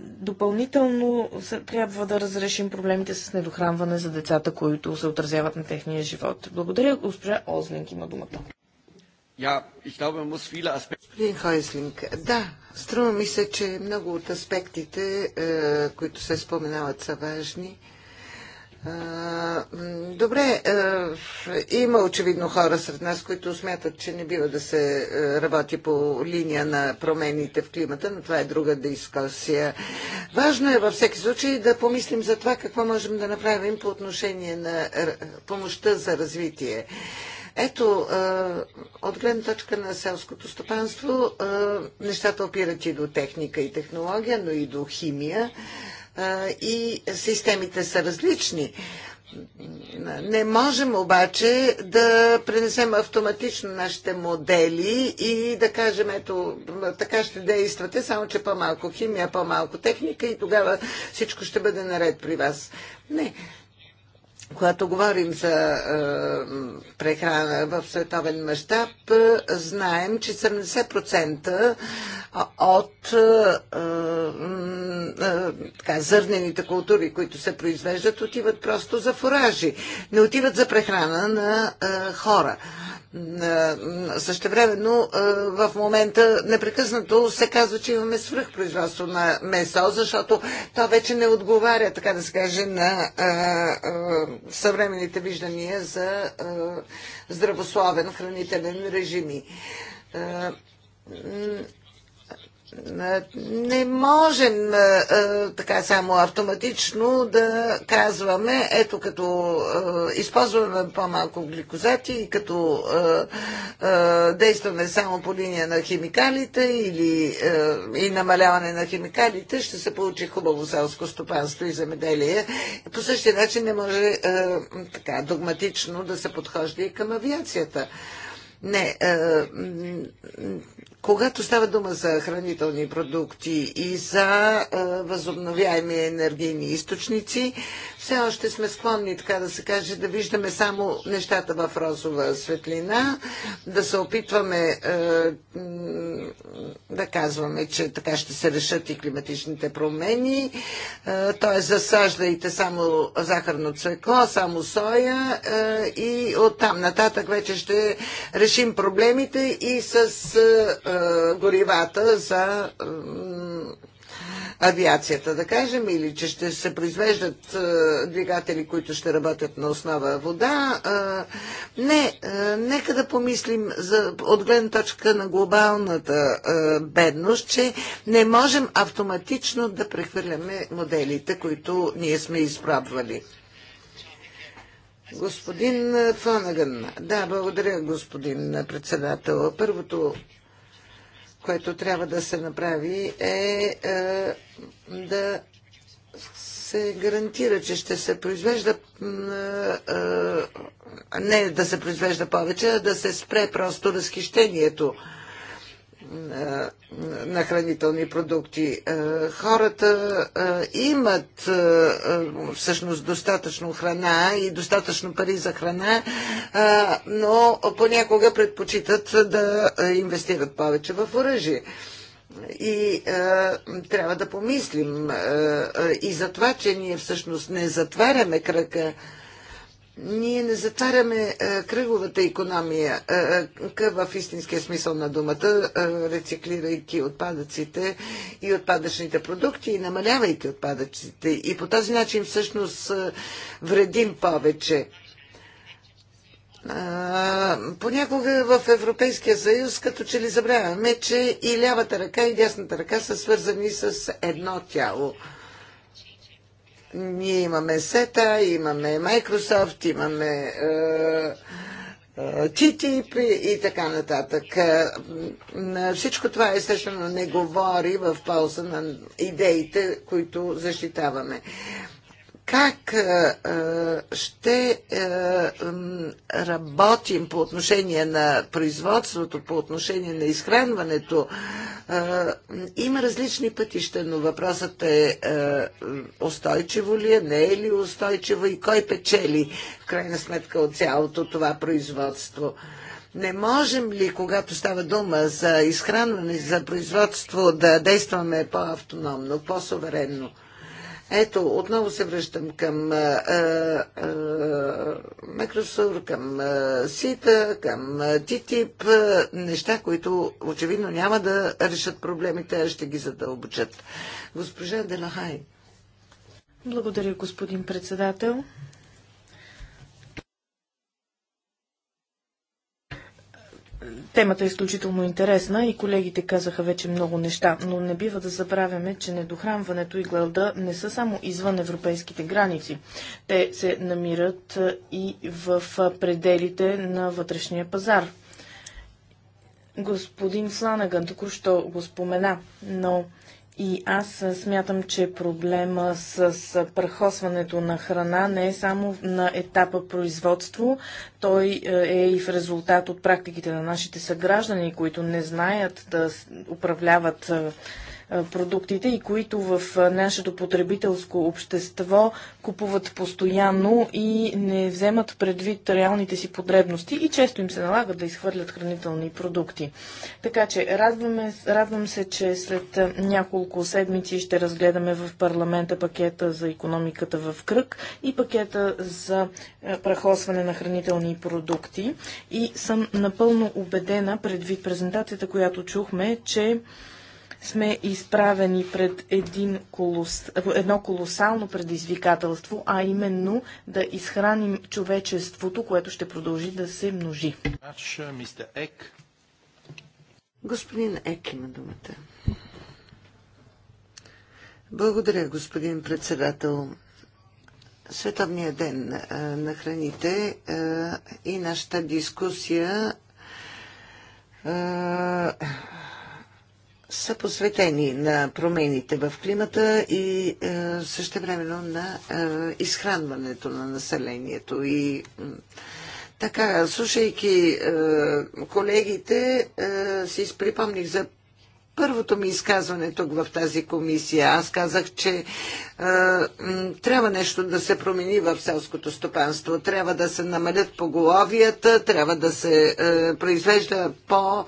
Допълнително трябва да разрешим проблемите с недохранване за децата, които се отразяват на техния живот. Благодаря, госпожа Озлинг има думата. Ja, glaube, Господин Хойслинг, да, струва ми се, че много от аспектите, е, които се споменават, са важни. добре, е, има очевидно хора сред нас, които смятат, че не бива да се е, работи по линия на промените в климата, но това е друга дискусия. Важно е във всеки случай да помислим за това какво можем да направим по отношение на помощта за развитие. Ето, от гледна точка на селското стопанство, нещата опират и до техника и технология, но и до химия. И системите са различни. Не можем обаче да пренесем автоматично нашите модели и да кажем, ето, така ще действате, само че по-малко химия, по-малко техника и тогава всичко ще бъде наред при вас. Не, когато говорим за е, прехрана в световен мащаб, е, знаем, че 70% от е, е, е, така, зърнените култури, които се произвеждат, отиват просто за фуражи. Не отиват за прехрана на хора. Същевременно в момента непрекъснато се казва, че имаме свръхпроизводство на месо, защото то вече не отговаря, така да се каже, на съвременните виждания за здравословен хранителен режими не можем така само автоматично да казваме, ето като използваме по-малко гликозати и като действаме само по линия на химикалите или и намаляване на химикалите, ще се получи хубаво селско стопанство и земеделие. По същия начин не може така догматично да се подхожда и към авиацията. Не, когато става дума за хранителни продукти и за е, възобновяеми енергийни източници, все още сме склонни, така да се каже, да виждаме само нещата в розова светлина, да се опитваме е, да казваме, че така ще се решат и климатичните промени, т.е. Е засаждайте само захарно цвекло, само соя е, и оттам нататък вече ще решим проблемите и с е, горивата за авиацията, да кажем, или че ще се произвеждат двигатели, които ще работят на основа вода. Не, нека да помислим за, от гледна точка на глобалната бедност, че не можем автоматично да прехвърляме моделите, които ние сме изпробвали. Господин Фонаган. Да, благодаря, господин председател. Първото което трябва да се направи е, е, да се гарантира, че ще се произвежда е, е, не да се произвежда повече, а да се спре просто разхищението на хранителни продукти. Е, хората е, имат е, всъщност достатъчно храна и достатъчно пари за храна, но понякога предпочитат да инвестират повече в оръжие. И е, трябва да помислим е, е, и за това, че ние всъщност не затваряме кръка ние не затваряме е, кръговата економия е, е, в истинския смисъл на думата, рециклирайки отпадъците и отпадъчните продукти и намалявайки отпадъците. И по този начин всъщност вредим повече. Понякога в Европейския съюз като че ли забравяме, че и лявата ръка и дясната ръка са свързани с едно тяло ние имаме сета, имаме Microsoft, имаме е, е, TTIP и така нататък. Е, всичко това естествено не говори в полза на идеите, които защитаваме как е, е, ще е, работим по отношение на производството, по отношение на изхранването. Има различни пътища, но въпросът е устойчиво ли е, не е ли устойчиво и кой печели в крайна сметка от цялото това производство. Не можем ли, когато става дума за изхранване, за производство, да действаме по-автономно, по-суверенно? Ето, отново се връщам към Мекросур, към СИТА, към ТИТИП, неща, които очевидно няма да решат проблемите, а ще ги задълбочат. Госпожа Делахай. Благодаря, господин председател. Темата е изключително интересна и колегите казаха вече много неща, но не бива да забравяме, че недохранването и глада не са само извън европейските граници. Те се намират и в пределите на вътрешния пазар. Господин Сланаган току-що го спомена, но и аз смятам, че проблема с прахосването на храна не е само на етапа производство, той е, е и в резултат от практиките на нашите съграждани, които не знаят да управляват е, продуктите и които в нашето потребителско общество купуват постоянно и не вземат предвид реалните си потребности и често им се налага да изхвърлят хранителни продукти. Така че радваме, радвам се, че след няколко седмици ще разгледаме в парламента пакета за економиката в кръг и пакета за прахосване на хранителни продукти. И съм напълно убедена, предвид презентацията, която чухме, че сме изправени пред един колос, едно колосално предизвикателство, а именно да изхраним човечеството, което ще продължи да се множи. Господин Ек има думата. Благодаря, господин председател. Световният ден на храните и нашата дискусия са посветени на промените в климата и е, същевременно на е, изхранването на населението. И така, слушайки е, колегите, е, си припомних за първото ми изказване тук в тази комисия. Аз казах, че е, трябва нещо да се промени в селското стопанство. Трябва да се намалят поголовията, трябва да се е, произвежда по- е,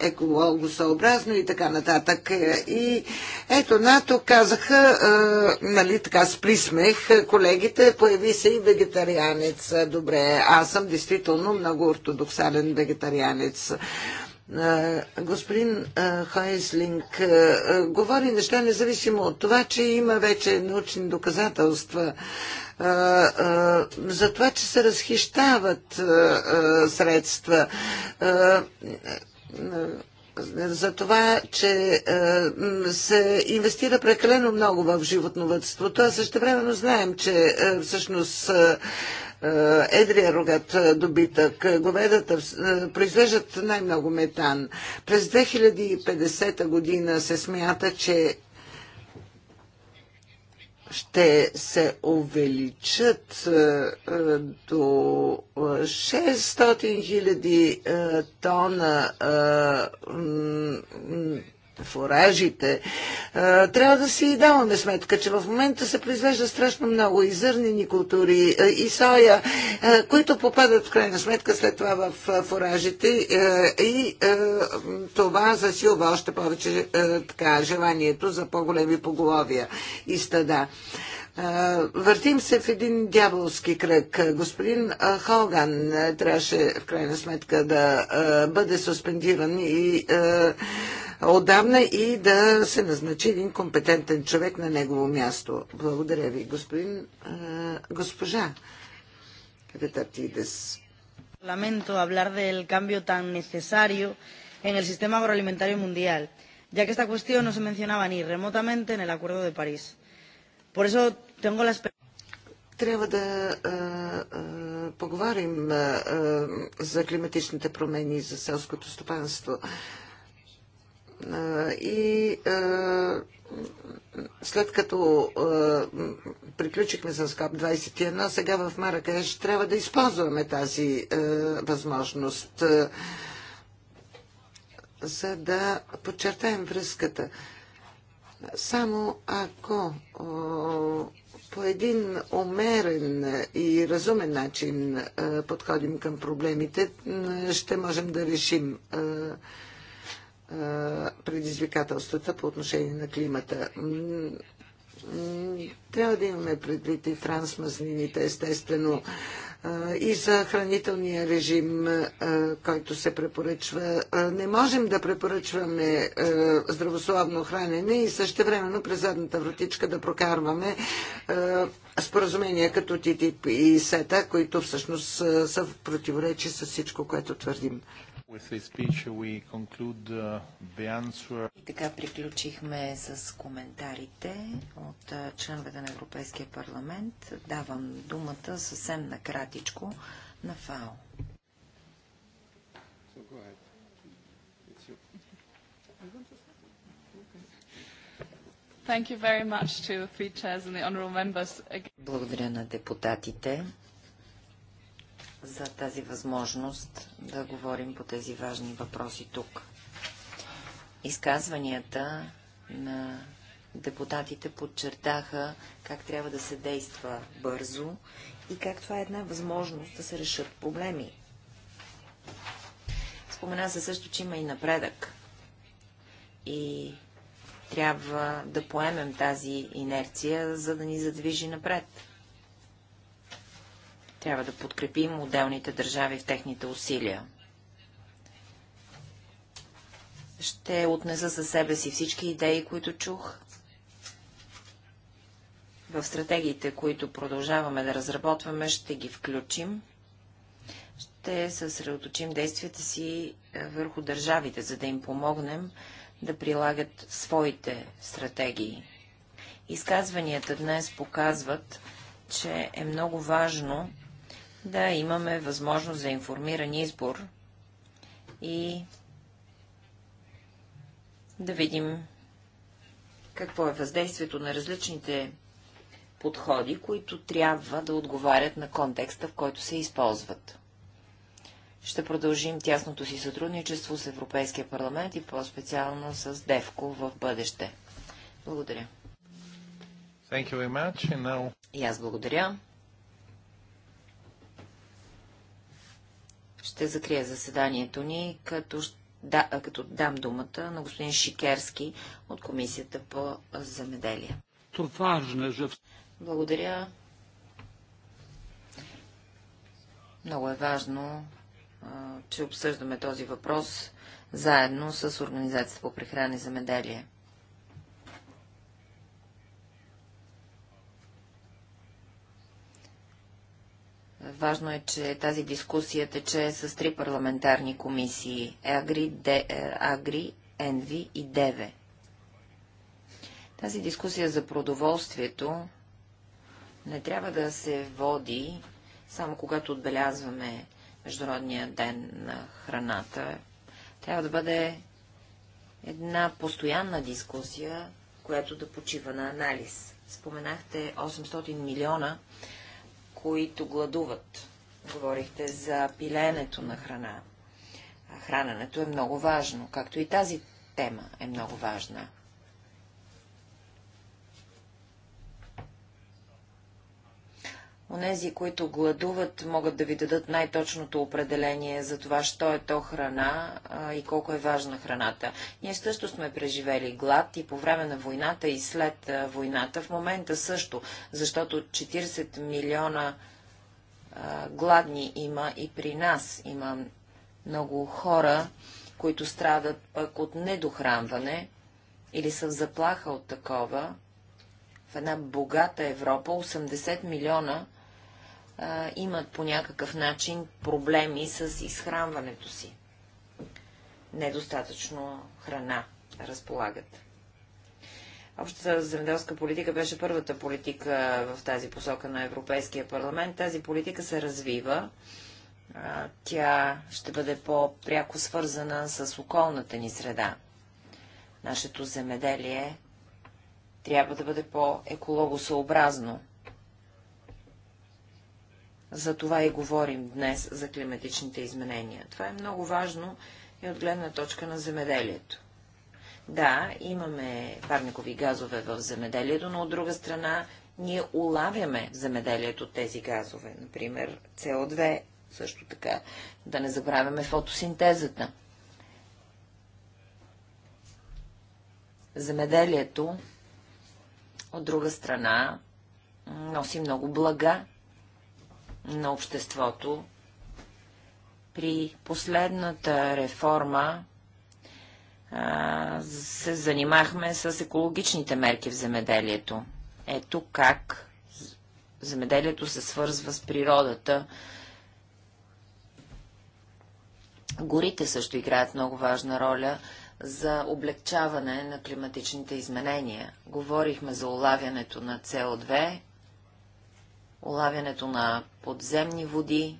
екологосъобразно и така нататък. И ето НАТО казаха, нали така с присмех, колегите, появи се и вегетарианец. Добре, аз съм действително много ортодоксален вегетарианец. Господин Хайслинг говори неща независимо от това, че има вече научни доказателства за това, че се разхищават средства, за това, че се инвестира прекалено много в животновътството, а също времено знаем, че всъщност едрия рогат добитък, говедата произвеждат най-много метан. През 2050 година се смята, че ще се увеличат е, е, до 600 е, 000 тона фуражите. Трябва да си даваме сметка, че в момента се произвежда страшно много и зърнени култури, и соя, които попадат в крайна сметка след това в фуражите и това засилва още повече така, желанието за по-големи поголовия и стада. Въртим се в един дяволски кръг. Господин Холган трябваше в крайна сметка да бъде суспендиран и отдавна и да се назначи един компетентен човек на негово място. Благодаря ви, господин госпожа Ретартидес. Lamento hablar del cambio tan necesario en el sistema agroalimentario mundial, ya que esta cuestión no se mencionaba ni remotamente en el Acuerdo de París. Por eso трябва да а, а, поговорим а, за климатичните промени и за селското стопанство. И след като приключихме с КАП-21, сега в Маракеш трябва да използваме тази възможност, за да подчертаем връзката. Само ако по един умерен и разумен начин подходим към проблемите, ще можем да решим предизвикателствата по отношение на климата. Трябва да имаме предвид и трансмазнините, естествено и за хранителния режим, който се препоръчва. Не можем да препоръчваме здравословно хранене и също времено през задната вратичка да прокарваме споразумения като ТТИП и СЕТА, които всъщност са в противоречие с всичко, което твърдим. Uh, И така приключихме с коментарите от членовете на Европейския парламент. Давам думата съвсем накратичко на ФАО. Благодаря на депутатите за тази възможност да говорим по тези важни въпроси тук. Изказванията на депутатите подчертаха как трябва да се действа бързо и как това е една възможност да се решат проблеми. Спомена се също, че има и напредък. И трябва да поемем тази инерция, за да ни задвижи напред. Трябва да подкрепим отделните държави в техните усилия. Ще отнеса със себе си всички идеи, които чух. В стратегиите, които продължаваме да разработваме, ще ги включим. Ще съсредоточим действията си е, върху държавите, за да им помогнем да прилагат своите стратегии. Изказванията днес показват, че е много важно да имаме възможност за информиран избор и да видим какво е въздействието на различните подходи, които трябва да отговарят на контекста, в който се използват. Ще продължим тясното си сътрудничество с Европейския парламент и по-специално с ДЕВКО в бъдеще. Благодаря. Now... И аз благодаря. Ще закрия заседанието ни, като, да, като дам думата на господин Шикерски от Комисията по земеделие. Е, Благодаря. Много е важно, че обсъждаме този въпрос заедно с Организацията по прехрана и земеделие. Важно е, че тази дискусия тече с три парламентарни комисии – Агри, Де, е, Агри Енви и Деве. Тази дискусия за продоволствието не трябва да се води само когато отбелязваме Международния ден на храната. Трябва да бъде една постоянна дискусия, която да почива на анализ. Споменахте 800 милиона които гладуват. Говорихте за пиленето на храна. Храненето е много важно, както и тази тема е много важна. Онези, които гладуват, могат да ви дадат най-точното определение за това, що е то храна а, и колко е важна храната. Ние също сме преживели глад и по време на войната и след а, войната, в момента също, защото 40 милиона а, гладни има и при нас. Има много хора, които страдат пък от недохранване или са в заплаха от такова. В една богата Европа 80 милиона а, имат по някакъв начин проблеми с изхранването си. Недостатъчно храна разполагат. Общата земеделска политика беше първата политика в тази посока на Европейския парламент. Тази политика се развива. тя ще бъде по-пряко свързана с околната ни среда. Нашето земеделие трябва да бъде по-екологосъобразно. За това и говорим днес за климатичните изменения. Това е много важно и от гледна точка на земеделието. Да, имаме парникови газове в земеделието, но от друга страна ние улавяме в земеделието тези газове. Например, со 2 също така. Да не забравяме фотосинтезата. Земеделието, от друга страна, носи много блага на обществото. При последната реформа а, се занимахме с екологичните мерки в земеделието. Ето как земеделието се свързва с природата. Горите също играят много важна роля за облегчаване на климатичните изменения. Говорихме за улавянето на СО2, улавянето на подземни води,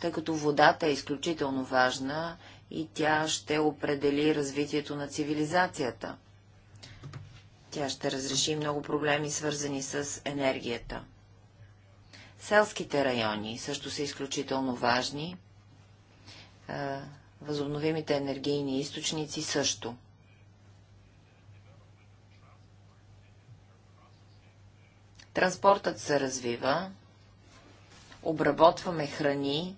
тъй като водата е изключително важна и тя ще определи развитието на цивилизацията. Тя ще разреши много проблеми, свързани с енергията. Селските райони също са изключително важни. Е, възобновимите енергийни източници също. Транспортът се развива, обработваме храни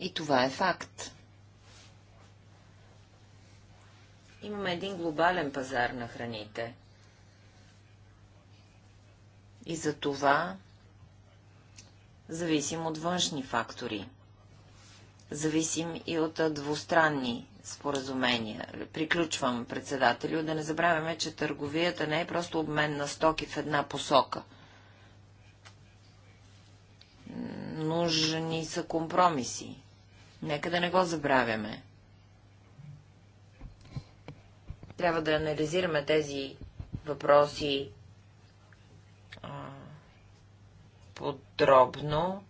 и това е факт. Имаме един глобален пазар на храните. И за това зависим от външни фактори. Зависим и от двустранни споразумения. Приключвам, председателю, да не забравяме, че търговията не е просто обмен на стоки в една посока. Нужни са компромиси. Нека да не го забравяме. Трябва да анализираме тези въпроси а, подробно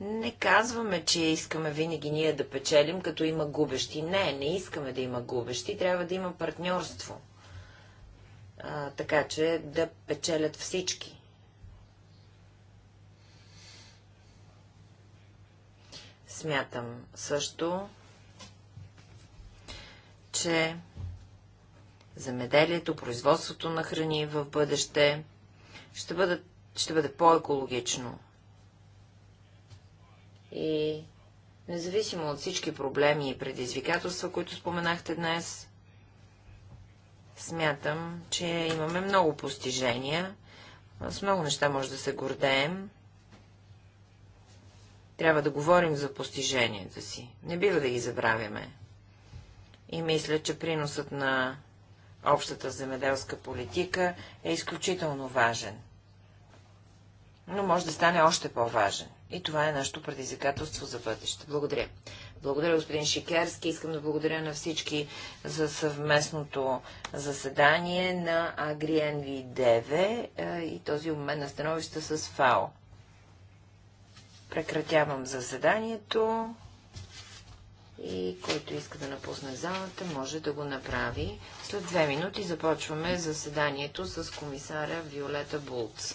не казваме, че искаме винаги ние да печелим, като има губещи. Не, не искаме да има губещи, трябва да има партньорство. А, така че да печелят всички. Смятам също, че замеделието, производството на храни в бъдеще ще, бъдат, ще бъде по-екологично и независимо от всички проблеми и предизвикателства, които споменахте днес, смятам, че имаме много постижения, с много неща може да се гордеем. Трябва да говорим за постиженията си. Не бива да ги забравяме. И мисля, че приносът на общата земеделска политика е изключително важен. Но може да стане още по-важен. И това е нашето предизвикателство за бъдеще. Благодаря. Благодаря, господин Шикерски. Искам да благодаря на всички за съвместното заседание на AgriNV9 е, и този обмен на становища с ФАО. Прекратявам заседанието и който иска да напусне залата, може да го направи. След две минути започваме заседанието с комисаря Виолета Булц.